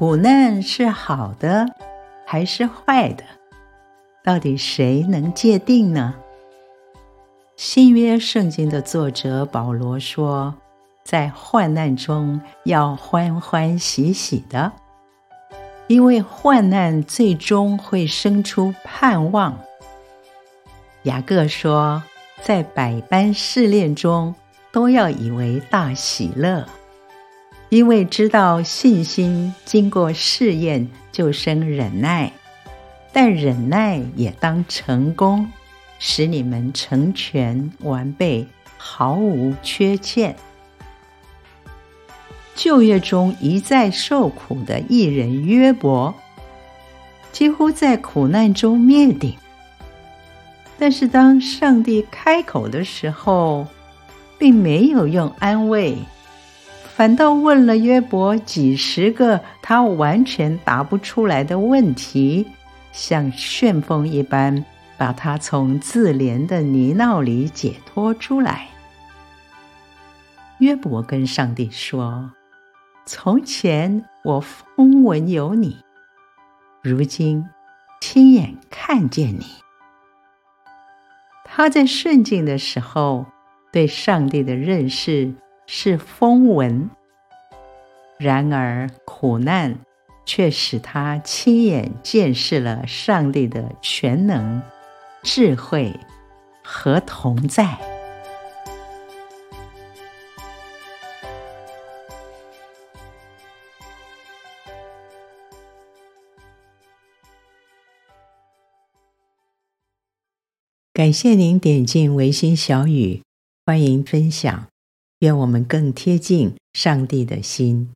苦難是好的，還是壞的？到底誰能界定呢？新約聖經的作者保羅說，在患難中要歡歡喜喜的，因為患難最終會生出盼望。雅各說，在百般試煉中都要以為大喜樂。因為知道信心經過試驗就生忍耐，但忍耐也當成功，使你們成全完備，毫無缺欠。舊約中一再受苦的義人約伯，幾乎在苦難中滅頂，但是當上帝開口的時候，並沒有用安慰。反倒問了約伯幾十個他完全答不出來的問題，像旋風一般把他從自憐的泥淖裡解脫出來。約伯跟上帝說：“從前我風聞有你，如今親眼看見你。”他在順境的時候對上帝的認識是風聞。然而，苦難卻使他親眼見識了上帝的全能、智慧和同在。感謝您點進唯心小語，歡迎分享，願我們更貼近上帝的心。